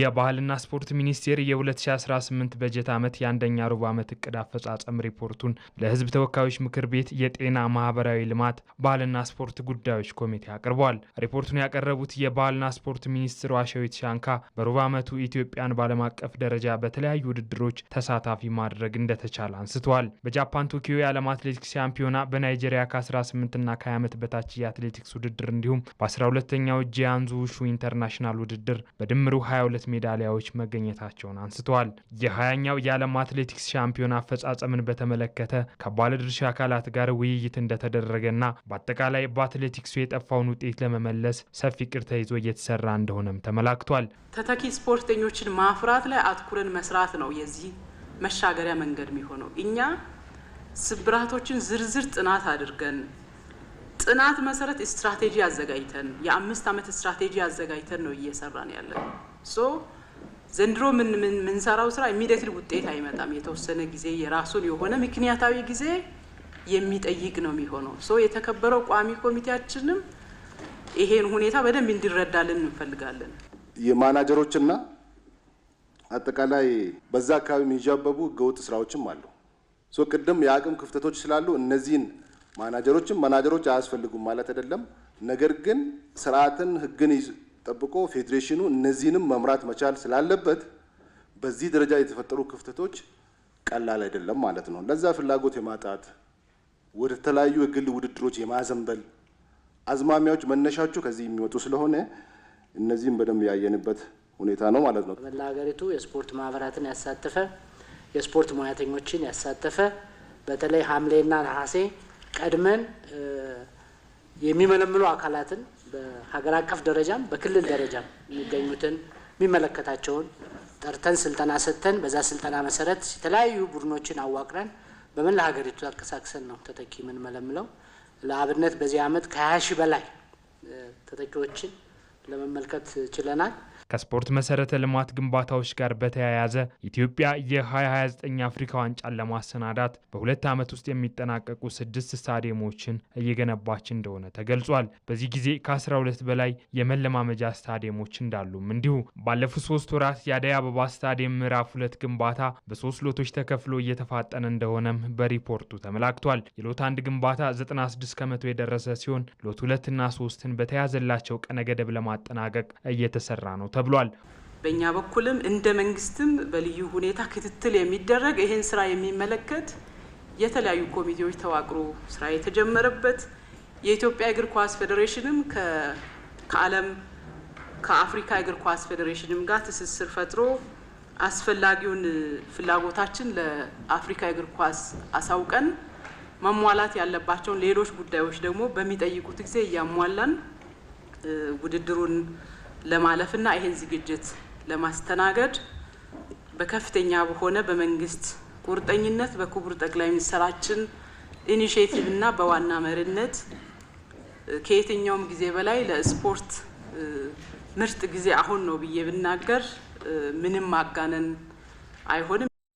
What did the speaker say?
የባህልና ስፖርት ሚኒስቴር የ2018 በጀት ዓመት የአንደኛ ሩብ ዓመት እቅድ አፈጻጸም ሪፖርቱን ለሕዝብ ተወካዮች ምክር ቤት የጤና ማህበራዊ ልማት ባህልና ስፖርት ጉዳዮች ኮሚቴ አቅርቧል። ሪፖርቱን ያቀረቡት የባህልና ስፖርት ሚኒስትር ዋሸዊት ሻንካ በሩብ ዓመቱ ኢትዮጵያን በዓለም አቀፍ ደረጃ በተለያዩ ውድድሮች ተሳታፊ ማድረግ እንደተቻለ አንስተዋል። በጃፓን ቶኪዮ የዓለም አትሌቲክስ ሻምፒዮና፣ በናይጄሪያ ከ18ና ከ20 ዓመት በታች የአትሌቲክስ ውድድር እንዲሁም በ12ኛው ጂያንዙ ውሹ ኢንተርናሽናል ውድድር በድምሩ 22 ሁለት ሜዳሊያዎች መገኘታቸውን አንስተዋል። የሀያኛው የዓለም አትሌቲክስ ሻምፒዮን አፈጻጸምን በተመለከተ ከባለድርሻ አካላት ጋር ውይይት እንደተደረገና በአጠቃላይ በአትሌቲክሱ የጠፋውን ውጤት ለመመለስ ሰፊ ቅር ተይዞ እየተሰራ እንደሆነም ተመላክቷል። ተተኪ ስፖርተኞችን ማፍራት ላይ አትኩረን መስራት ነው የዚህ መሻገሪያ መንገድ የሚሆነው። እኛ ስብራቶችን ዝርዝር ጥናት አድርገን ጥናት መሰረት ስትራቴጂ አዘጋጅተን የአምስት ዓመት ስትራቴጂ አዘጋጅተን ነው እየሰራን ያለን። ሶ ዘንድሮ ምን የምንሰራው ስራ ኢሚዲየትሊ ውጤት አይመጣም። የተወሰነ ጊዜ የራሱን የሆነ ምክንያታዊ ጊዜ የሚጠይቅ ነው የሚሆነው። ሶ የተከበረው ቋሚ ኮሚቴያችንም ይሄን ሁኔታ በደንብ እንዲረዳልን እንፈልጋለን። የማናጀሮችና አጠቃላይ በዛ አካባቢ የሚዣበቡ ህገወጥ ስራዎችም አሉ። ሶ ቅድም የአቅም ክፍተቶች ስላሉ እነዚህን ማናጀሮችም ማናጀሮች አያስፈልጉም ማለት አይደለም። ነገር ግን ስርዓትን ህግን ጠብቆ ፌዴሬሽኑ እነዚህንም መምራት መቻል ስላለበት በዚህ ደረጃ የተፈጠሩ ክፍተቶች ቀላል አይደለም ማለት ነው። ለዛ ፍላጎት የማጣት ወደ ተለያዩ የግል ውድድሮች የማዘንበል አዝማሚያዎች መነሻቸው ከዚህ የሚወጡ ስለሆነ እነዚህም በደንብ ያየንበት ሁኔታ ነው ማለት ነው። በመላ ሀገሪቱ የስፖርት ማህበራትን ያሳተፈ የስፖርት ሙያተኞችን ያሳተፈ በተለይ ሐምሌና ነሐሴ ቀድመን የሚመለምሉ አካላትን በሀገር አቀፍ ደረጃም በክልል ደረጃም የሚገኙትን የሚመለከታቸውን ጠርተን ስልጠና ሰጥተን በዛ ስልጠና መሰረት የተለያዩ ቡድኖችን አዋቅረን በመላ ሀገሪቱ አንቀሳቅሰን ነው ተተኪ የምንመለምለው። ለአብነት በዚህ አመት ከሀያ ሺህ በላይ ተተኪዎችን ለመመልከት ችለናል። ከስፖርት መሰረተ ልማት ግንባታዎች ጋር በተያያዘ ኢትዮጵያ የ2029 አፍሪካ ዋንጫን ለማሰናዳት በሁለት ዓመት ውስጥ የሚጠናቀቁ ስድስት ስታዲየሞችን እየገነባች እንደሆነ ተገልጿል። በዚህ ጊዜ ከ12 በላይ የመለማመጃ ስታዲየሞች እንዳሉም እንዲሁ። ባለፉት ሶስት ወራት የአደይ አበባ ስታዲየም ምዕራፍ ሁለት ግንባታ በሶስት ሎቶች ተከፍሎ እየተፋጠነ እንደሆነም በሪፖርቱ ተመላክቷል። የሎት አንድ ግንባታ 96 ከመቶ የደረሰ ሲሆን ሎት ሁለትና ሶስትን በተያዘላቸው ቀነ ገደብ ለማጠናቀቅ እየተሰራ ነው ተብሏል። ተብሏል። በእኛ በኩልም እንደ መንግስትም በልዩ ሁኔታ ክትትል የሚደረግ ይህን ስራ የሚመለከት የተለያዩ ኮሚቴዎች ተዋቅሮ ስራ የተጀመረበት የኢትዮጵያ እግር ኳስ ፌዴሬሽንም ከዓለም ከአፍሪካ እግር ኳስ ፌዴሬሽንም ጋር ትስስር ፈጥሮ አስፈላጊውን ፍላጎታችን ለአፍሪካ እግር ኳስ አሳውቀን መሟላት ያለባቸውን ሌሎች ጉዳዮች ደግሞ በሚጠይቁት ጊዜ እያሟላን ውድድሩን ለማለፍና ይህን ዝግጅት ለማስተናገድ በከፍተኛ በሆነ በመንግስት ቁርጠኝነት በክቡር ጠቅላይ ሚኒስትራችን ኢኒሽቲቭና እና በዋና መሪነት ከየትኛውም ጊዜ በላይ ለስፖርት ምርጥ ጊዜ አሁን ነው ብዬ ብናገር ምንም ማጋነን አይሆንም።